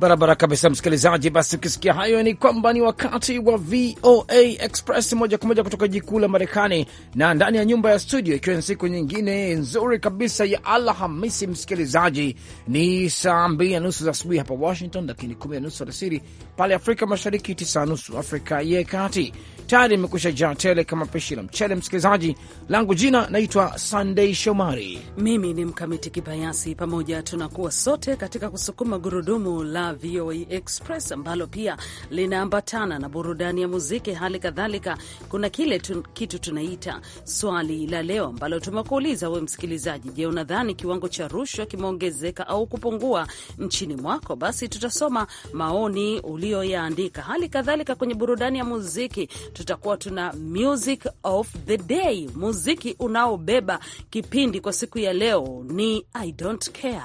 barabara kabisa, msikilizaji. Basi ukisikia hayo, ni kwamba ni wakati wa VOA Express moja kwa moja kutoka jikuu la Marekani na ndani ya nyumba ya studio, ikiwa ni siku nyingine nzuri kabisa ya Alhamisi. Msikilizaji, ni saa mbili na nusu za asubuhi hapa Washington, lakini kumi na nusu alasiri pale Afrika Mashariki, tisa na nusu Afrika ya Kati. Tayari imekusha jaa tele kama pishi la mchele. Msikilizaji langu jina naitwa sandei Shomari, mimi ni mkamiti kibayasi, pamoja tunakuwa sote katika kusukuma gurudumu la VOA Express ambalo pia linaambatana na burudani ya muziki. Hali kadhalika kuna kile tu, kitu tunaita swali la leo ambalo tumekuuliza we msikilizaji. Je, unadhani kiwango cha rushwa kimeongezeka au kupungua nchini mwako? Basi tutasoma maoni uliyoyaandika. Hali kadhalika kwenye burudani ya muziki tutakuwa tuna music of the day, muziki unaobeba kipindi kwa siku ya leo ni I don't care.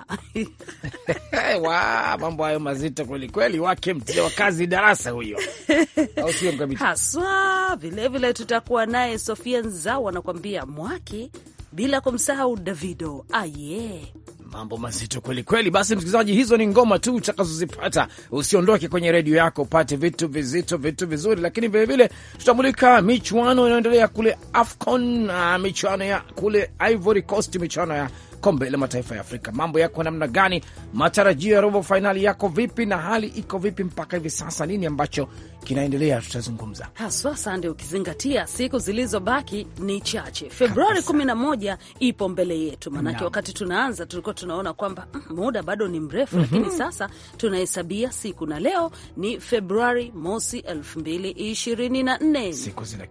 Wow, mambo hayo mazito kweli kweli, wake mtia wakazi darasa huyo, au sio mkabiti haswa? Vilevile tutakuwa naye Sofia Nzao anakuambia mwaki, bila kumsahau Davido aye Mambo mazito kweli kweli. Basi msikilizaji, hizo ni ngoma tu utakazozipata. Usiondoke kwenye redio yako, upate vitu vizito, vitu vizuri. Lakini vilevile tutamulika michuano inayoendelea kule AFCON, michuano ya kule Ivory Coast, michuano ya kombe la mataifa ya Afrika. Mambo yako namna gani? Matarajio ya robo fainali yako vipi? Na hali iko vipi mpaka hivi sasa? Nini ambacho kinaendelea, tutazungumza haswa sande, ukizingatia siku zilizobaki ni chache. Februari kumi na moja ipo mbele yetu, maanake wakati tunaanza tulikuwa tunaona kwamba mm, muda bado ni mrefu mm -hmm. Lakini sasa tunahesabia siku na leo ni Februari mosi elfu mbili ishirini na nne.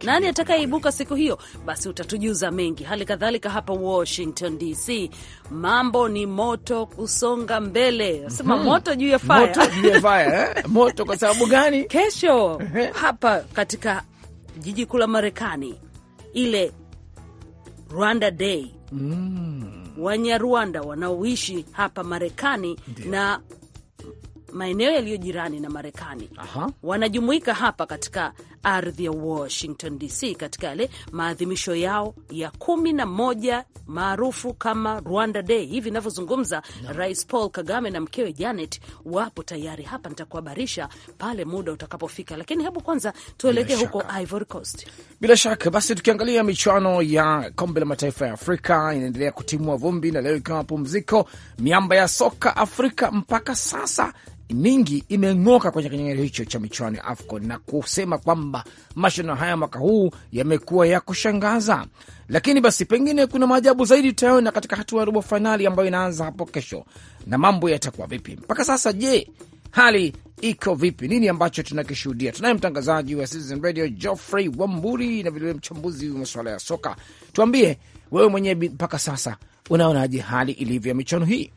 Nani atakayeibuka siku hiyo? Basi utatujuza mengi. Hali kadhalika hapa Washington DC mambo ni moto kusonga mbele, sema mm -hmm. moto juu ya faya, moto, eh? moto kwa sababu gani? kesho leo hapa katika jiji kuu la Marekani, ile Rwanda Day mm. Wanyarwanda wanaoishi hapa Marekani na maeneo yaliyo jirani na Marekani wanajumuika hapa katika ardhi ya Washington DC katika yale maadhimisho yao ya kumi na moja maarufu kama Rwanda Day. Hivi inavyozungumza no. Rais Paul Kagame na mkewe Janet wapo tayari hapa, nitakuhabarisha pale muda utakapofika, lakini hebu kwanza tuelekee huko Ivory Coast. Bila shaka basi, tukiangalia michuano ya kombe la mataifa ya Afrika inaendelea kutimua vumbi, na leo ikiwa mapumziko, miamba ya soka Afrika mpaka sasa mingi imeng'oka kwenye kinyang'anyiro hicho cha michuano ya AFCON na kusema kwamba kwamba mashindano haya mwaka huu yamekuwa ya kushangaza, lakini basi pengine kuna maajabu zaidi tutayaona katika hatua ya robo fainali ambayo inaanza hapo kesho, na mambo yatakuwa vipi mpaka sasa? Je, hali iko vipi? Nini ambacho tunakishuhudia? Tunaye mtangazaji wa Citizen Radio Geoffrey Wamburi na vilevile mchambuzi wa masuala ya soka. Tuambie wewe mwenyewe mpaka sasa unaonaje hali ilivyo ya michuano hii?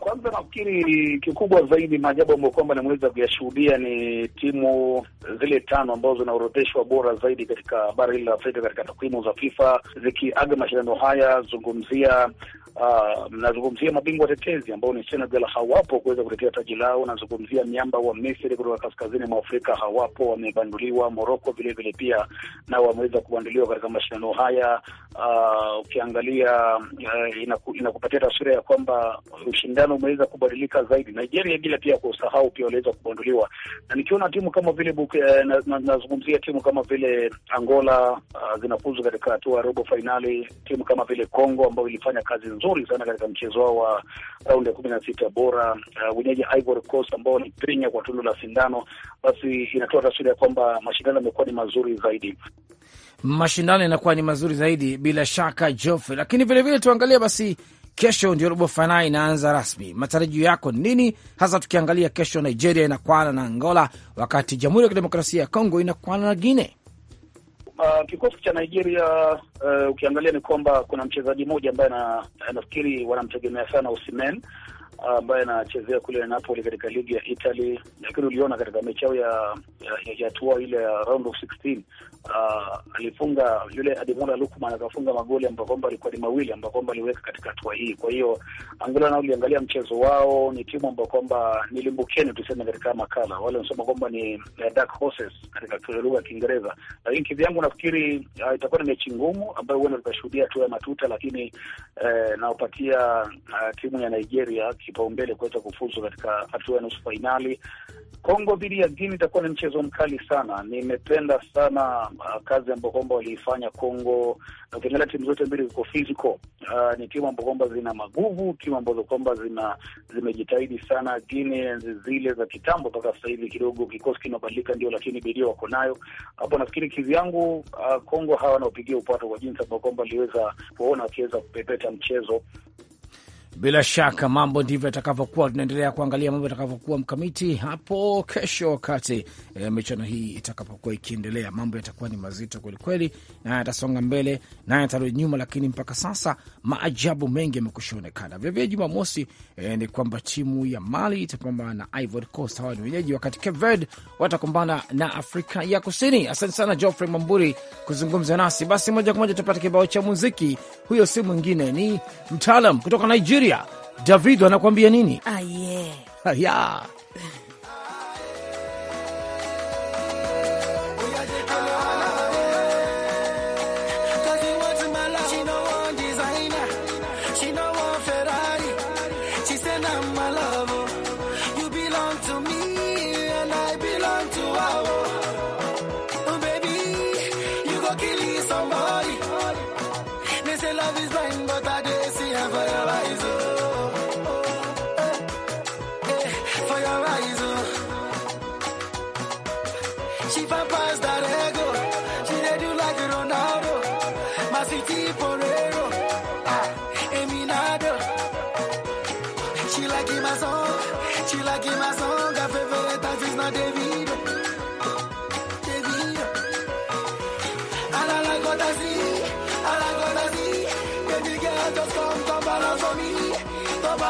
Kwanza nafikiri kikubwa zaidi maajabu ambayo kwamba nimeweza kuyashuhudia ni timu zile tano ambazo zinaorodheshwa bora zaidi katika bara hili la Afrika katika takwimu za FIFA zikiaga mashindano haya, zungumzia Uh, mnazungumzia mabingwa tetezi ambao ni Senegal hawapo kuweza kutetea taji lao. Nazungumzia miamba wa Misri kutoka kaskazini mwa Afrika hawapo, wamebanduliwa. Moroko vile vile pia nao wameweza kubanduliwa katika mashindano haya. Uh, ukiangalia uh, inaku, inakupatia taswira ya kwamba ushindano umeweza kubadilika zaidi. Nigeria bila pia kusahau pia waliweza kubanduliwa, na nikiona timu kama vile buke, eh, na, na, nazungumzia timu kama vile Angola uh, zinafuzu katika hatua ya robo fainali, timu kama vile Congo ambayo ilifanya kazi nzuri nzuri sana katika mchezo wao wa raundi ya kumi na sita bora. Uh, wenyeji Ivory Coast ambao ni penya kwa tundu la sindano, basi inatoa taswira ya kwamba mashindano yamekuwa ni mazuri zaidi mashindano yanakuwa ni mazuri zaidi bila shaka Joffrey. Lakini vilevile tuangalie basi, kesho ndio robo fainali inaanza rasmi. Matarajio yako nini hasa, tukiangalia kesho Nigeria inakwana na Angola, wakati Jamhuri ya Kidemokrasia ya Kongo inakwana na Guine? uh, kikosi cha Nigeria uh, ukiangalia ni kwamba kuna mchezaji mmoja ambaye anafikiri wanamtegemea sana Osimhen uh, ambaye anachezea kule Napoli katika ligi ya Italy, lakini uliona katika mechi yao ya ya ya ile ya round of 16 uh, alifunga yule Ademola Lukman akafunga magoli ambayo kwamba alikuwa ni mawili ambayo kwamba aliweka katika hatua hii. Kwa hiyo Angola nao uliangalia mchezo wao, ni timu ambayo kwamba nilimbukeni, tuseme katika makala wale wanasema kwamba ni uh, dark horses katika lugha ya Kiingereza, lakini kivyangu nafikiri uh, itakuwa ni mechi ngumu ambayo huenda tutashuhudia tu ya matuta, lakini uh, naopatia uh, timu ya Nigeria kipaumbele kuweza kufuzu katika hatua ya nusu fainali. Kongo dhidi ya Guinea itakuwa ni mchezo mkali sana. Nimependa sana Uh, kazi ambayo kwamba waliifanya Kongo. Ukiangalia timu zote mbili ziko physical, uh, ni timu ambao kwamba zina maguvu, timu ambazo kwamba zina zimejitahidi sana. Guinea zile za kitambo mpaka sasa hivi kidogo kikosi kinabadilika, ndio, lakini bidii wako nayo hapo. Nafikiri kizi yangu, uh, Kongo hawa wanaopigia upato kwa jinsi ambayo kwamba waliweza kuona wakiweza kupepeta mchezo bila shaka mambo ndivyo yatakavyokuwa. Tunaendelea kuangalia mambo yatakavyokuwa mkamiti hapo kesho, wakati e, eh, michano hii itakapokuwa ikiendelea. Mambo yatakuwa ni mazito kwelikweli, naye atasonga mbele, naye atarudi nyuma, lakini mpaka sasa maajabu mengi yamekusha onekana. Vilevile Jumamosi e, ni kwamba timu ya Mali itapambana na Ivory Coast, hawa ni wenyeji, wakati Cape Verde watakumbana na Afrika ya Kusini. Asante sana Geoffrey Mamburi kuzungumza nasi. Basi moja kwa moja tupate kibao cha muziki. Huyo si mwingine ni mtaalam kutoka Nigeria. Anakuambia Davido anakuambia nini? Ah, yeah. ah, yeah.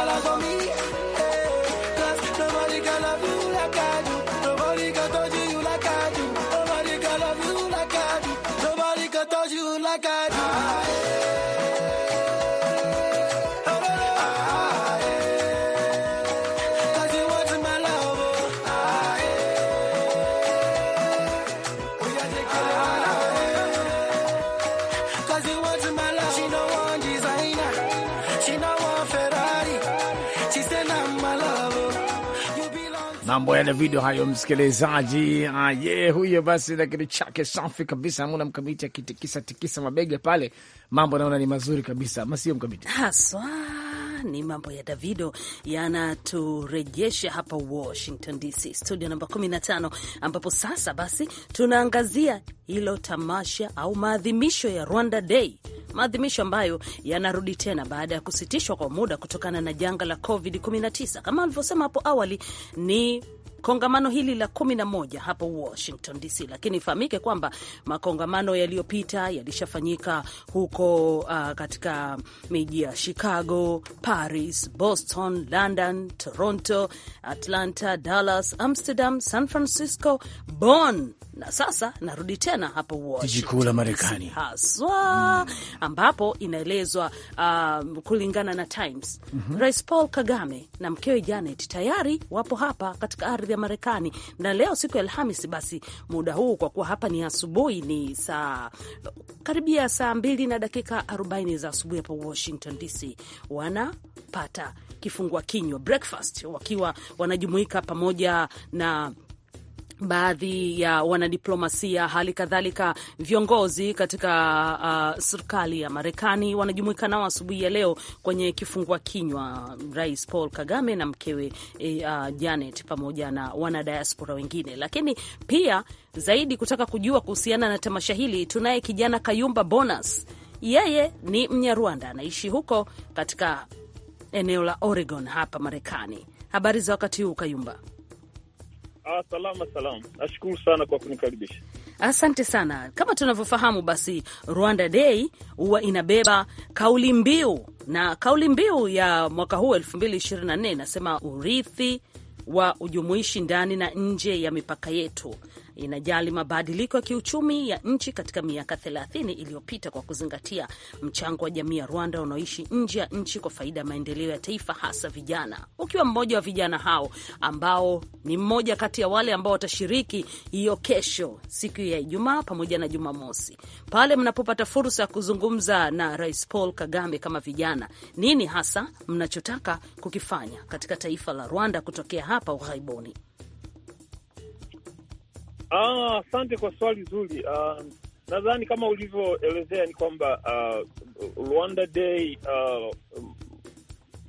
follow for me. Hey, Cause nobody can love you like I do. Mambo yale video hayo, msikilizaji. Aye, ah, huyo basi na kitu chake safi kabisa, amuna mkamiti akitikisa tikisa mabega pale. Mambo naona ni mazuri kabisa, masio mkamiti haswa? ni mambo ya Davido yanaturejesha hapa Washington DC, studio namba 15, ambapo sasa basi tunaangazia hilo tamasha au maadhimisho ya Rwanda Day, maadhimisho ambayo yanarudi tena baada ya kusitishwa kwa muda kutokana na janga la COVID-19. Kama alivyosema hapo awali ni kongamano hili la kumi na moja hapa Washington DC, lakini ifahamike kwamba makongamano yaliyopita yalishafanyika huko uh, katika miji ya Chicago, Paris, Boston, London, Toronto, Atlanta, Dallas, Amsterdam, San Francisco, Bonn na sasa narudi tena hapo jiji kuu la Marekani haswa mm. ambapo inaelezwa uh, kulingana na Times mm -hmm. Rais Paul Kagame na mkewe Janet tayari wapo hapa katika ardhi ya Marekani na leo siku ya alhamis basi muda huu kwa kuwa hapa ni asubuhi, ni saa karibia saa mbili na dakika arobaini za asubuhi hapo Washington DC, wanapata kifungua kinywa breakfast, wakiwa wanajumuika pamoja na baadhi ya wanadiplomasia hali kadhalika viongozi katika uh, serikali ya Marekani wanajumuika nao asubuhi ya leo kwenye kifungua kinywa, Rais Paul Kagame na mkewe eh, uh, Janet pamoja na wanadiaspora wengine. Lakini pia zaidi kutaka kujua kuhusiana na tamasha hili, tunaye kijana Kayumba Bonas. Yeye ni Mnyarwanda, anaishi huko katika eneo la Oregon hapa Marekani. Habari za wakati huu, Kayumba? Ah, salama salama, nashukuru sana kwa kunikaribisha. Asante sana. Kama tunavyofahamu, basi Rwanda Day huwa inabeba kauli mbiu, na kauli mbiu ya mwaka huu 2024 inasema urithi wa ujumuishi ndani na nje ya mipaka yetu, inajali mabadiliko ya kiuchumi ya nchi katika miaka 30 iliyopita kwa kuzingatia mchango wa jamii ya Rwanda wanaoishi nje ya nchi kwa faida ya maendeleo ya taifa, hasa vijana. Ukiwa mmoja wa vijana hao ambao ni mmoja kati ya wale ambao watashiriki hiyo kesho, siku ya Ijumaa pamoja na Jumamosi, pale mnapopata fursa ya kuzungumza na Rais Paul Kagame kama vijana, nini hasa mnachotaka kukifanya katika taifa la Rwanda kutokea hapa ughaibuni? Ah, asante ah, kwa swali zuri. Ah, nadhani kama ulivyoelezea ni kwamba ah, Rwanda Day ah,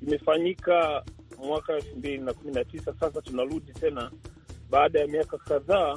imefanyika mwaka elfu mbili na kumi na tisa. Sasa tunarudi tena baada ya miaka kadhaa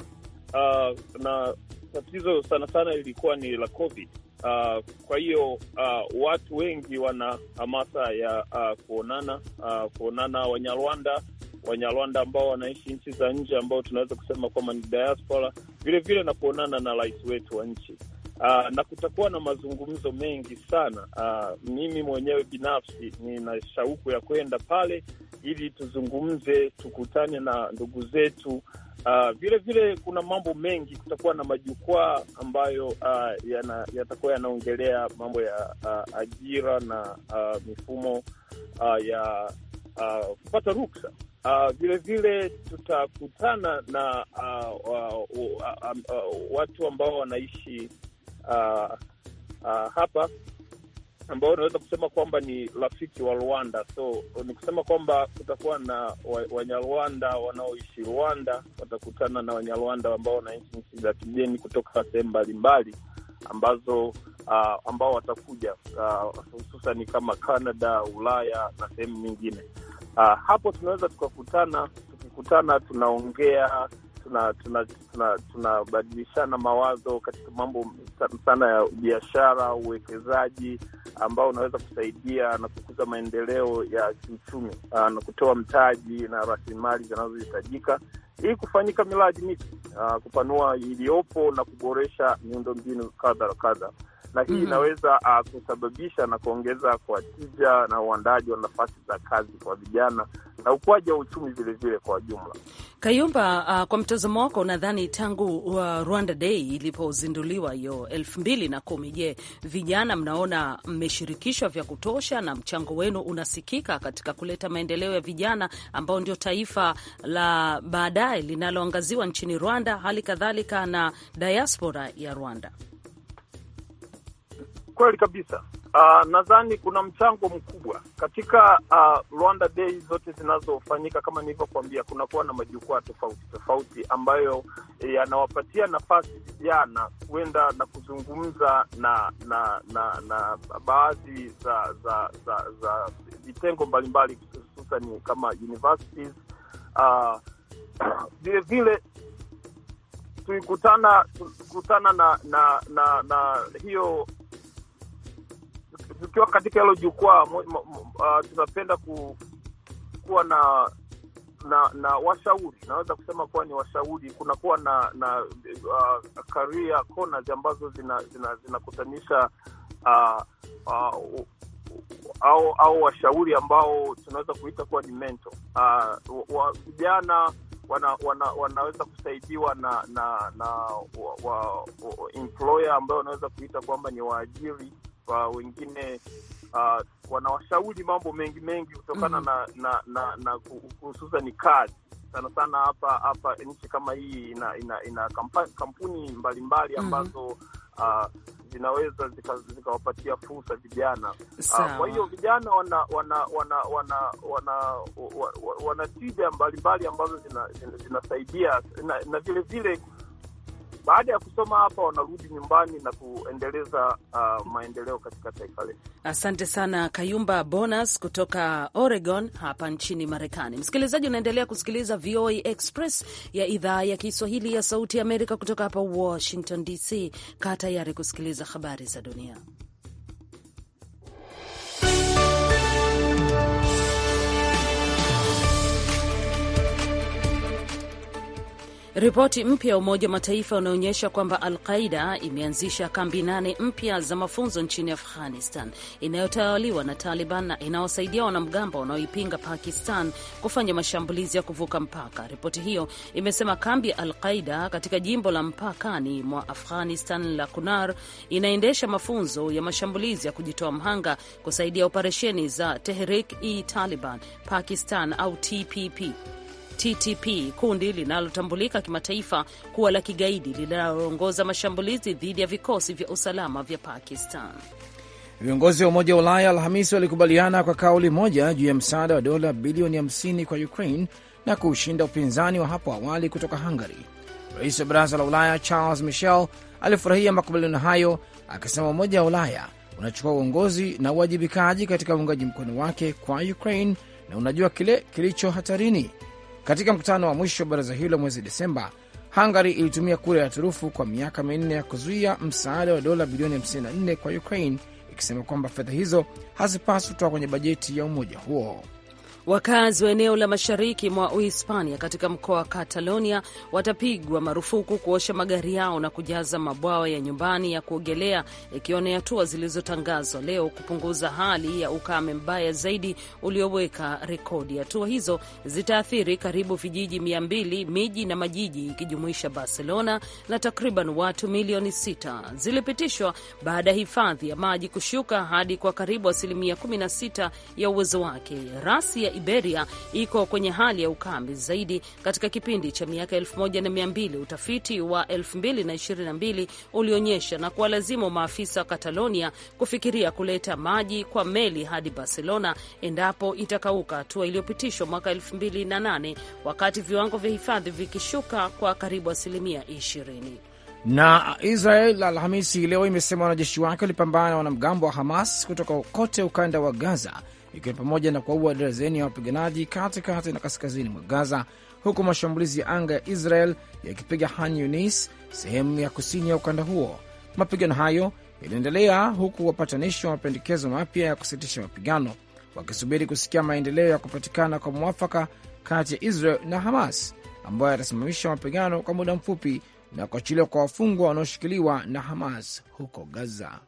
ah, na tatizo sana sana lilikuwa ni la COVID. Uh, kwa hiyo uh, watu wengi wana hamasa ya uh, kuonana uh, kuonana Wanyarwanda Wanyarwanda ambao wanaishi nchi za nje ambao tunaweza kusema kwamba ni diaspora, vilevile na kuonana na rais wetu wa nchi. aa, ah, na kutakuwa na mazungumzo mengi sana. Aa, ah, mimi mwenyewe binafsi nina shauku ya kwenda pale ili tuzungumze, tukutane na ndugu zetu. Uh, vile vile kuna mambo mengi, kutakuwa na majukwaa ambayo uh, yana, yatakuwa yanaongelea mambo ya uh, ajira na uh, mifumo uh, ya uh, kupata ruksa Vilevile ah, uh, tutakutana na uh, uh, uh, uh, uh, watu ambao wanaishi uh, uh, hapa ambao unaweza kusema kwamba ni rafiki wa Rwanda. So ni kusema kwamba kutakuwa na Wanyarwanda wanaoishi Rwanda, watakutana na Wanyarwanda ambao wanaishi nchi za kigeni kutoka sehemu mbalimbali ambazo uh, ambao watakuja hususani uh, kama Canada, Ulaya na sehemu nyingine. Uh, hapo tunaweza tukakutana, tukikutana tunaongea tunabadilishana tuna, tuna, tuna mawazo katika mambo sana ya biashara, uwekezaji ambao unaweza kusaidia na kukuza maendeleo ya kiuchumi ah, na kutoa mtaji na rasilimali zinazohitajika ili kufanyika miradi mipya, ah, kupanua iliyopo na kuboresha miundombinu kadha kadha na hii mhm. inaweza mm -hmm. uh, kusababisha na kuongeza kwa tija na uandaji wa nafasi za kazi kwa vijana na ukuaji wa uchumi vilevile kwa jumla. Kayumba, uh, kwa mtazamo wako, nadhani tangu uh, Rwanda Day ilipozinduliwa hiyo elfu mbili na kumi, je, vijana mnaona mmeshirikishwa vya kutosha na mchango wenu unasikika katika kuleta maendeleo ya vijana ambao ndio taifa la baadaye linaloangaziwa nchini Rwanda, hali kadhalika na diaspora ya Rwanda? kweli kabisa. Uh, nadhani kuna mchango mkubwa katika uh, Rwanda Day zote zinazofanyika. Kama nilivyokuambia, kunakuwa na majukwaa tofauti tofauti ambayo eh, yanawapatia eh, nafasi vijana kuenda na kuzungumza na na na, na baadhi za za za za vitengo mbalimbali hususani kama universities vilevile ah, uh, vile tulikutana tulikutana na na na, na hiyo tukiwa katika hilo jukwaa uh, tunapenda ku, kuwa na na na washauri, naweza kusema kuwa ni washauri. Kunakuwa na na uh, karia corners ambazo zinakutanisha zina, zina uh, uh, au au washauri ambao tunaweza kuita kuwa ni mentor. Uh, vijana wana, wana, wanaweza kusaidiwa na na na wa, wa, employer ambayo wanaweza kuita kwamba ni waajiri kwa wengine uh, wanawashauri mambo mengi mengi kutokana mm -hmm. na na na hususani kazi sana sana hapa hapa nchi kama hii ina ina, ina kampani, kampuni mbalimbali mhm. ambazo mm -hmm. uh, zinaweza zikawapatia zika fursa vijana uh, kwa hiyo vijana wana wana wana wana wana, wana, wana tija mbalimbali ambazo zinasaidia zina, zina na, vilevile baada ya kusoma hapa wanarudi nyumbani na kuendeleza uh, maendeleo katika taifa letu. Asante sana Kayumba Bonus kutoka Oregon hapa nchini Marekani. Msikilizaji, unaendelea kusikiliza VOA Express ya idhaa ya Kiswahili ya Sauti ya Amerika kutoka hapa Washington DC. Kaa tayari kusikiliza habari za dunia. Ripoti mpya ya Umoja wa Mataifa unaonyesha kwamba Al Qaida imeanzisha kambi nane mpya za mafunzo nchini Afghanistan inayotawaliwa na Taliban na inawasaidia wanamgambo wanaoipinga Pakistan kufanya mashambulizi ya kuvuka mpaka. Ripoti hiyo imesema kambi ya Al Qaida katika jimbo la mpakani mwa Afghanistan la Kunar inaendesha mafunzo ya mashambulizi ya kujitoa mhanga kusaidia operesheni za Tehrik-e-Taliban Pakistan au TPP TTP, kundi linalotambulika kimataifa kuwa la kigaidi linaloongoza mashambulizi dhidi ya vikosi vya usalama vya Pakistan. Viongozi wa Umoja wa Ulaya Alhamisi walikubaliana kwa kauli moja juu ya msaada wa dola bilioni 50 kwa Ukraine na kuushinda upinzani wa hapo awali kutoka Hungary. Rais wa Baraza la Ulaya Charles Michel alifurahia makubaliano hayo akisema Umoja wa Ulaya unachukua uongozi na uwajibikaji katika uungaji mkono wake kwa Ukraine na unajua kile kilicho hatarini, katika mkutano wa mwisho wa baraza hilo mwezi Desemba, Hungary ilitumia kura ya turufu kwa miaka minne ya kuzuia msaada wa dola bilioni 54 kwa Ukraine, ikisema kwamba fedha hizo hazipaswi kutoka kwenye bajeti ya umoja huo. Wakazi wa eneo la mashariki mwa Uhispania katika mkoa wa Catalonia watapigwa marufuku kuosha magari yao na kujaza mabwawa ya nyumbani ya kuogelea, ikiwa ni hatua zilizotangazwa leo kupunguza hali ya ukame mbaya zaidi ulioweka rekodi. Hatua hizo zitaathiri karibu vijiji mia mbili, miji na majiji ikijumuisha Barcelona na takriban watu milioni sita. Zilipitishwa baada ya hifadhi ya maji kushuka hadi kwa karibu asilimia 16 ya uwezo wake rasi ya Iberia iko kwenye hali ya ukame zaidi katika kipindi cha miaka 1200. Utafiti wa 2022 ulionyesha na kuwalazimu maafisa wa Catalonia kufikiria kuleta maji kwa meli hadi Barcelona endapo itakauka, hatua iliyopitishwa mwaka 2008 wakati viwango vya hifadhi vikishuka kwa karibu asilimia 20. Na Israel Alhamisi leo imesema wanajeshi wake walipambana na wanamgambo wa Hamas kutoka kote ukanda wa Gaza ikiwa ni pamoja na kuwaua darazeni ya wapiganaji katikati na kaskazini mwa Gaza, huku mashambulizi ya anga ya Israel yakipiga Han Yunis, sehemu ya kusini ya ukanda huo. Mapigano hayo yaliendelea huku wapatanishi wa mapendekezo mapya ya kusitisha mapigano wakisubiri kusikia maendeleo ya kupatikana kwa mwafaka kati ya Israel na Hamas ambayo yatasimamisha mapigano kwa muda mfupi na kuachiliwa kwa wafungwa wanaoshikiliwa na Hamas huko Gaza.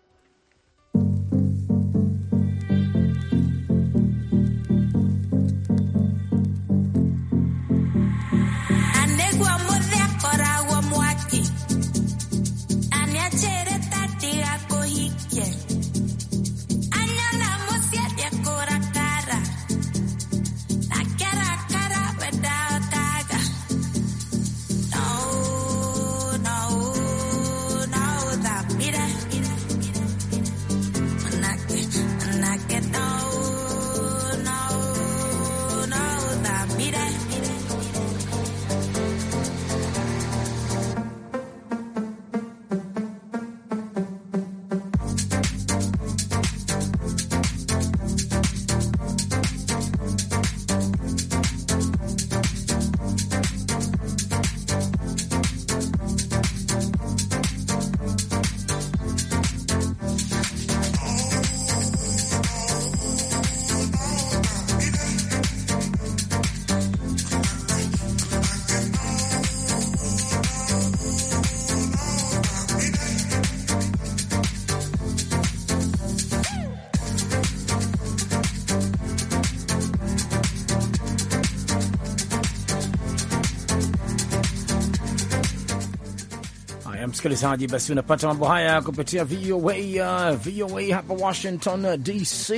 msikilizaji, basi unapata mambo haya kupitia VOA, uh, VOA hapa Washington uh, DC.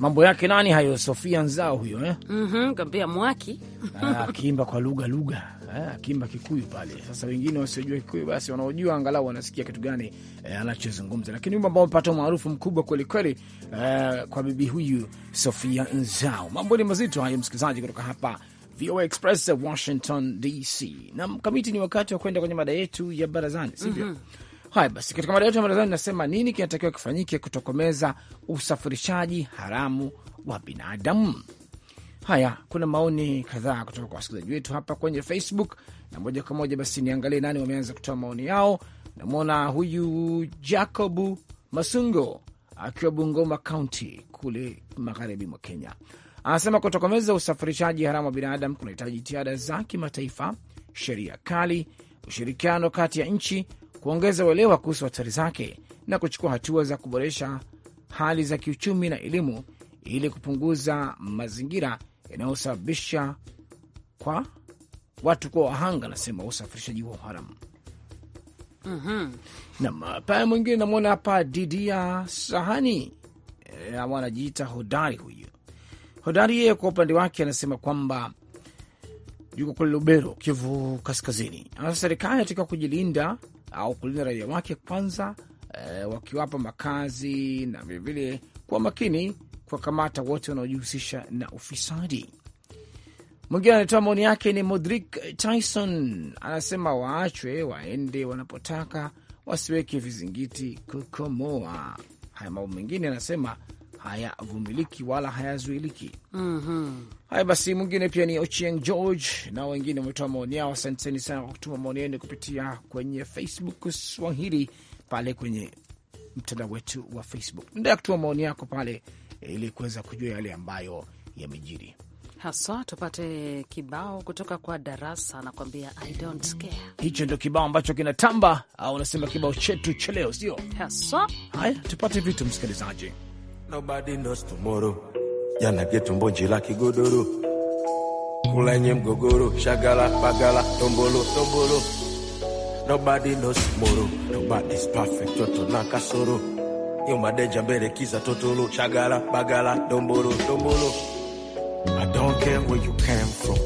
Mambo yake nani hayo? Sofia Nzao huyo eh? mm -hmm, kambia mwaki ah, akiimba kwa lugha lugha, ah, akiimba Kikuyu pale. Sasa wengine wasiojua Kikuyu basi wanaojua angalau wanasikia kitu gani eh, anachozungumza, lakini wimbo ambao amepata umaarufu mkubwa kwelikweli eh, kwa bibi huyu Sofia Nzao. Mambo ni mazito hayo, msikilizaji, kutoka hapa VOA Express, Washington DC. Na mkamiti, ni wakati wa kwenda kwenye mada yetu ya barazani, sivyo? mm -hmm. Haya basi, katika mada yetu ya barazani nasema nini kinatakiwa kifanyike kutokomeza usafirishaji haramu wa binadamu? Haya, kuna maoni kadhaa kutoka kwa wasikilizaji wetu hapa kwenye Facebook na moja kwa moja basi niangalie nani wameanza kutoa maoni yao. Namwona huyu Jacobu Masungo akiwa Bungoma kaunti kule magharibi mwa Kenya Anasema kutokomeza usafirishaji haramu wa binadamu kunahitaji jitihada za kimataifa, sheria kali, ushirikiano kati ya nchi, kuongeza uelewa kuhusu hatari zake na kuchukua hatua za kuboresha hali za kiuchumi na elimu ili kupunguza mazingira yanayosababisha kwa watu kuwa wahanga, anasema usafirishaji huo haramu. Mm-hmm. Nam paya mwingine namwona hapa Didia Sahani e, eh, wanajiita hodari huyu Hodari yeye kwa upande wake anasema kwamba yuko kule Lubero, Kivu Kaskazini, Anasa serikali inatakiwa kujilinda au kulinda raia wake kwanza, e, wakiwapa makazi na vilevile kwa makini kuwakamata wote wanaojihusisha na ufisadi. Mwingine anatoa maoni yake ni Modrik Tyson, anasema waachwe waende wanapotaka, wasiweke vizingiti kukomoa haya mambo. Mengine anasema hayavumiliki wala hayazuiliki. mm -hmm. Haya basi, mwingine pia ni Ochieng George, na wengine wametoa maoni yao. Asanteni sana kwa kutuma maoni yenu kupitia kwenye Facebook Swahili pale kwenye mtandao wetu wa Facebook. Endelea kutuma maoni yako pale ili kuweza kujua yale ambayo yamejiri haswa. Tupate kibao kutoka kwa Darasa, anakuambia I don't care. Hicho ndio kibao ambacho kinatamba, au unasema kibao chetu cha leo, sio haswa? Haya, tupate vitu msikilizaji Nobody knows tomorrow. Jana getu mbonji la kigodoro. Kulenye mgogoro, shagala, bagala, tombolo, tombolo. Nobody knows tomorrow. Nobody's perfect, toto na kasoro. deja mbele kiza totolo, shagala, bagala, tombolo, tombolo. I don't care where you came from.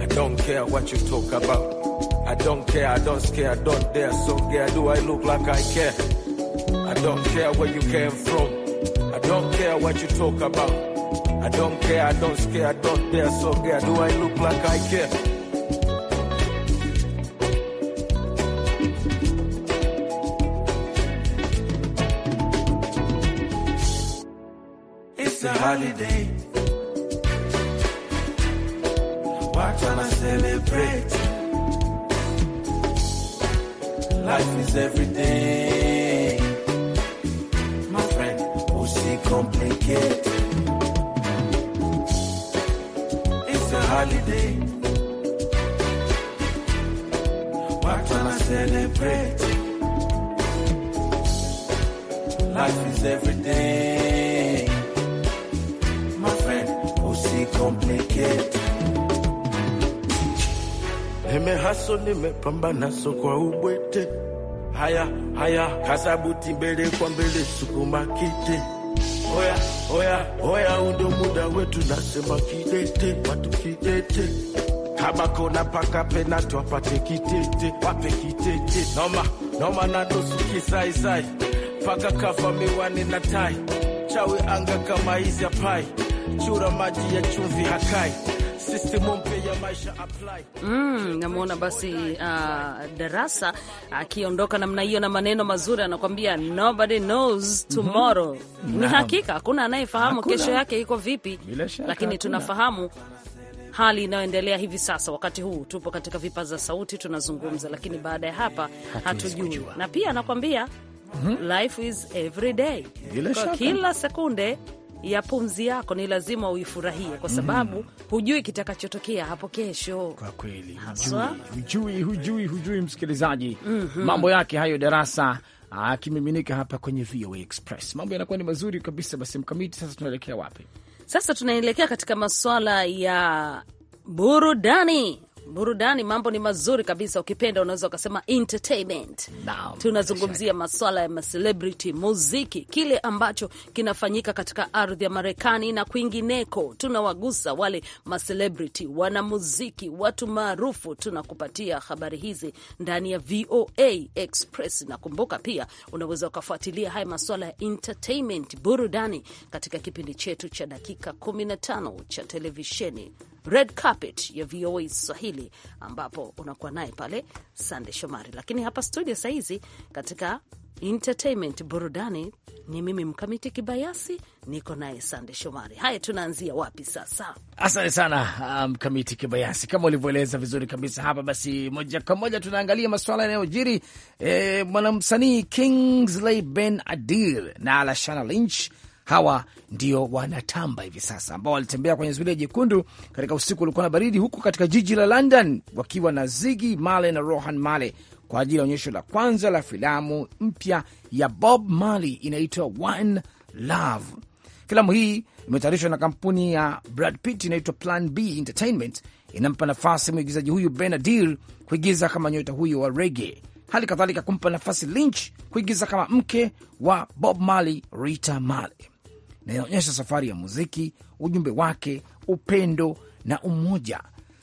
I don't care what you talk about. I don't care, I don't scare, I don't dare. So, gay, do I look like I care? I don't care where you came from. Don't care what you talk about. I don't care, I don't scare, I don't dare, so care. Do I look like I care? It's a holiday. Why can I celebrate? Life is every day. complicated. It's a holiday. Why can't I celebrate? Life is everyday. My friend, oh, see, complicated. Nimehasa, nimepambana so kwa ubwete. Haya haya, kasabuti mbele kwa mbele, sukuma kiti oya oya oya, undo muda wetu, nasema kidete, watu kidete, kama kona paka penatu apate kitete, wape kitete, noma noma na dosu kisaisai paka kava miwani na tai, chawi anga kama hizi apai, chura maji ya chumvi hakai Mm, namwona basi uh, Darasa akiondoka namna hiyo na maneno mazuri, anakuambia nobody knows tomorrow. mm -hmm. Ni hakika hakuna anayefahamu kesho yake iko vipi, lakini tunafahamu hali inayoendelea hivi sasa. Wakati huu tupo katika vipaza sauti tunazungumza, lakini baada ya hapa hatujui. Na pia anakwambia mm -hmm. life is every day, kila sekunde ya pumzi yako ni lazima uifurahie, kwa sababu mhm. hujui kitakachotokea hapo kesho. Kwa kweli hujui, hujui, hujui, hujui msikilizaji. mm -hmm. Mambo yake hayo darasa akimiminika hapa kwenye VOA Express, mambo yanakuwa ni mazuri kabisa. Basi Mkamiti, sasa tunaelekea wapi? Sasa tunaelekea katika masuala ya burudani burudani, mambo ni mazuri kabisa. Ukipenda unaweza ukasema entertainment. Tunazungumzia maswala ya macelebrity, muziki, kile ambacho kinafanyika katika ardhi ya Marekani na kwingineko. Tunawagusa wale macelebrity, wanamuziki, watu maarufu. Tunakupatia habari hizi ndani ya VOA Express, na kumbuka pia unaweza ukafuatilia haya maswala ya entertainment, burudani katika kipindi chetu cha dakika 15 cha televisheni red carpet ya VOA Swahili, ambapo unakuwa naye pale Sande Shomari. Lakini hapa studio sahizi katika entertainment burudani, ni mimi Mkamiti Kibayasi, niko naye Sande Shomari. Haya, tunaanzia wapi sasa? Asante sana um, Mkamiti um, Kibayasi, kama ulivyoeleza vizuri kabisa hapa. Basi moja kwa moja tunaangalia masuala yanayojiri. eh, mwanamsanii Kingsley Ben Adir na alashana Lynch hawa ndio wanatamba hivi sasa, ambao walitembea kwenye zulia jekundu katika usiku ulikuwa na baridi, huku katika jiji la London wakiwa na Ziggy Marley na Rohan Marley kwa ajili ya onyesho la kwanza la filamu mpya ya Bob Marley inaitwa One Love. Filamu hii imetayarishwa na kampuni ya Brad Pitt inaitwa Plan B Entertainment. Inampa nafasi mwigizaji huyu benadir kuigiza kama nyota huyo wa rege, hali kadhalika kumpa nafasi Lynch kuigiza kama mke wa Bob Marley, Rita Marley na inaonyesha safari ya muziki, ujumbe wake, upendo na umoja,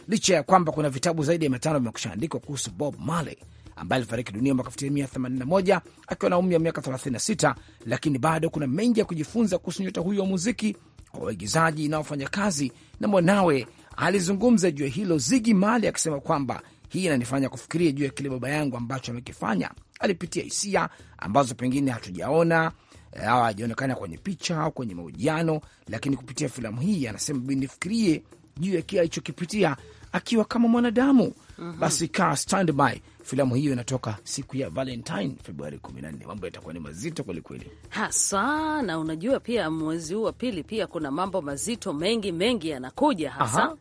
licha ya kwamba kuna vitabu zaidi ya matano vimekusha andikwa kuhusu Bob Marley ambaye alifariki dunia mwaka 1981 akiwa na umri wa miaka 36, lakini bado kuna mengi ya kujifunza kuhusu nyota huyo wa muziki kwa waigizaji na wafanyakazi. Na mwanawe alizungumza juu ya hilo Ziggy Marley akisema kwamba hii inanifanya kufikiria juu ya kile baba yangu ambacho amekifanya. Alipitia hisia ambazo pengine hatujaona, ajionekana kwenye picha au kwenye mahojiano, lakini kupitia filamu hii anasema bi, nifikirie juu ya kile alichokipitia akiwa kama mwanadamu. mm -hmm. Basi kaa standby. Filamu hiyo inatoka siku ya Valentine Februari 14. Mambo yatakuwa ni mazito kwelikweli hasa, na unajua pia mwezi huu wa pili pia kuna mambo mazito mengi mengi yanakuja hasa Aha.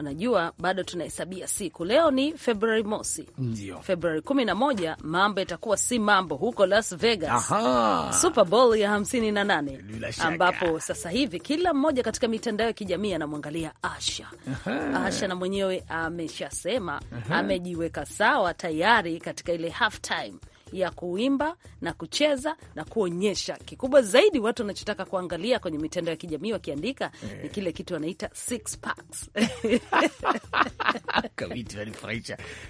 Unajua, bado tunahesabia siku. Leo ni Februari mosi, ndio Februari kumi na moja. Mambo yatakuwa si mambo huko Las Vegas, Super Bowl ya hamsini na nane ambapo sasa hivi kila mmoja katika mitandao ya kijamii anamwangalia Asha. Aha. Asha na mwenyewe ameshasema amejiweka sawa tayari katika ile ya kuimba na kucheza na kuonyesha. Kikubwa zaidi watu wanachotaka kuangalia kwenye mitandao ya kijamii wakiandika yeah, ni eh. kile kitu wanaita six packs Kamiti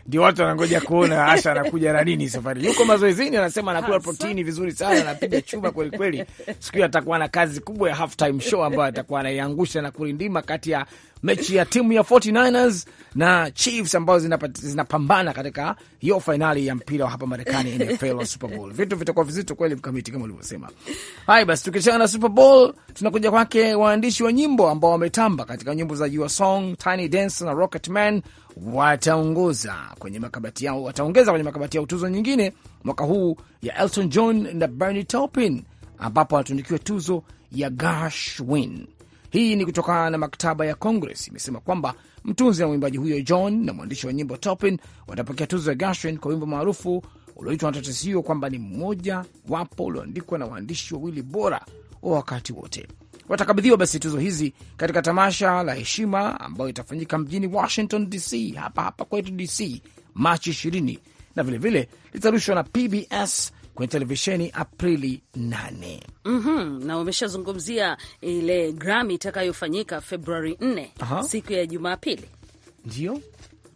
ndio watu wanangoja kuona Asha anakuja na nini safari. Yuko mazoezini, anasema anakula protini vizuri sana, anapiga chuma kwelikweli. Siku hiyo atakuwa na kazi kubwa ya show ambayo atakuwa anaiangusha na kurindima kati ya mechi ya timu ya 49ers na Chiefs ambazo zinapambana zina katika hiyo fainali ya mpira wa hapa Marekani, NFL wa Super Bowl. Vitu vitakuwa vizito kweli, mkamiti kama ulivyosema. Haya basi, tukiachana na Super Bowl, tunakuja kwake waandishi wa nyimbo ambao wametamba katika nyimbo za Your Song, Tiny Dancer na Rocket Man wataongoza kwenye makabati yao, wataongeza kwenye makabati yao tuzo nyingine mwaka huu ya Elton John na Bernie Taupin, ambapo wanatunukiwa tuzo ya Gershwin hii ni kutokana na maktaba ya Congress imesema kwamba mtunzi na mwimbaji huyo John na mwandishi wa nyimbo Topin watapokea tuzo ya Gershwin kwa wimbo maarufu ulioitwa na hiyo kwamba ni mmoja wapo ulioandikwa na waandishi wawili bora wa wakati wote. Watakabidhiwa basi tuzo hizi katika tamasha la heshima ambayo itafanyika mjini Washington DC, hapa hapa kwetu DC, Machi 20 na vilevile litarushwa na PBS kwenye televisheni Aprili 8. mm -hmm. Na umeshazungumzia ile Grammy itakayofanyika Februari 4. siku ya Jumapili ndio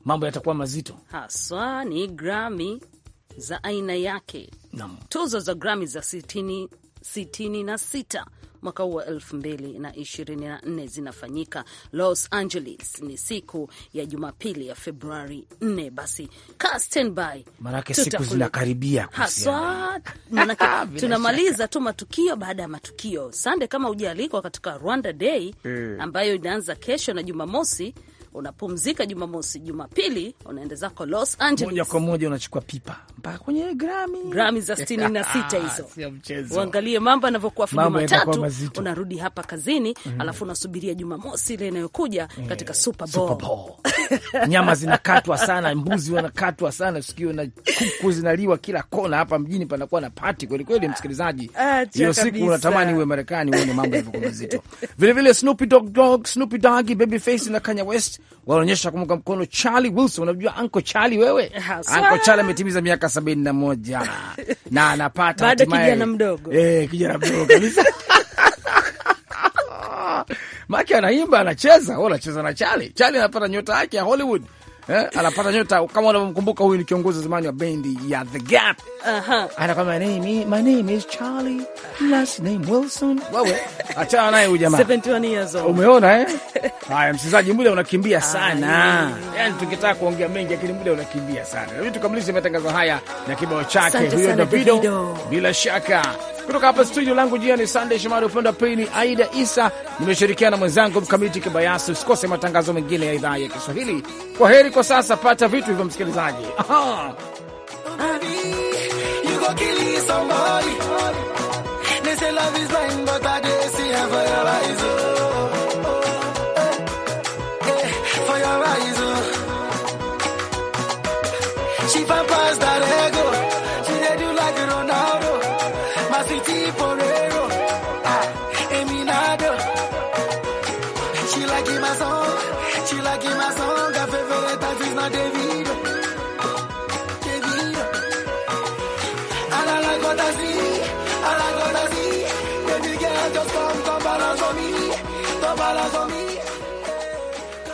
mambo yatakuwa mazito haswa, ni Grammy za aina yake. Tuzo za Grammy za sitini sitini na sita mwaka huu wa nne zinafanyika Los Angeles. Ni siku ya Jumapili ya Februari nne. Basi kaa standby, manake siku zinakaribia haswa, manake tunamaliza tu matukio baada ya matukio. Sande, kama ujaalikwa katika Rwanda Day mm. ambayo inaanza kesho na Jumamosi unapumzika Jumamosi, Jumapili unaenda zako Los Angeles, moja kwa moja unachukua pipa mpaka kwenye grami grami za sitini na sita ah, hizo uangalie mambo yanavyokuwa. Jumatatu unarudi hapa kazini, mm. alafu unasubiria Jumamosi ile inayokuja eh, katika yeah. Super Bowl. Super Bowl nyama zinakatwa sana, mbuzi wanakatwa sana, sikio na kuku zinaliwa kila kona. Hapa mjini panakuwa na pati kwelikweli, msikilizaji. Ah, Hiyo siku unatamani uwe Marekani uone mambo yalivyokuwa mazito. Vilevile Snoopy Dogg Dogg, Babyface na Kanye West wanaonyesha kumuka mkono Charlie Wilson. Unajua Uncle Charlie wewe? Uncle Charlie ametimiza miaka sabini na moja na anapata hatimaye kijana mdogo eh, kabisa maki anaimba, anacheza, wala anacheza na Chali. Chali anapata nyota yake ya Hollywood. Eh, anapata nyota kama unavyomkumbuka, huyu ni kiongozi zamani wa bendi ya The Gap. Aha. Anakwambia my name, my name is Charlie, last name Wilson. Wewe achana naye huyu jamaa. 71 years old. Umeona eh? Haya msizaji, muda unakimbia ah, sana. Yaani tukitaka kuongea mengi lakini muda unakimbia sana. Hebu tukamilishe matangazo haya na kibao chake huyo Davido bila shaka. Kutoka hapa studio langu jia ni Sunday Shomari, upande wa pili ni Aida Isa, nimeshirikiana na mwenzangu Mkamiti Kibayasi. Usikose matangazo mengine ya idhaa ya Kiswahili. Kwa heri kwa sasa, pata vitu hivyo msikilizaji.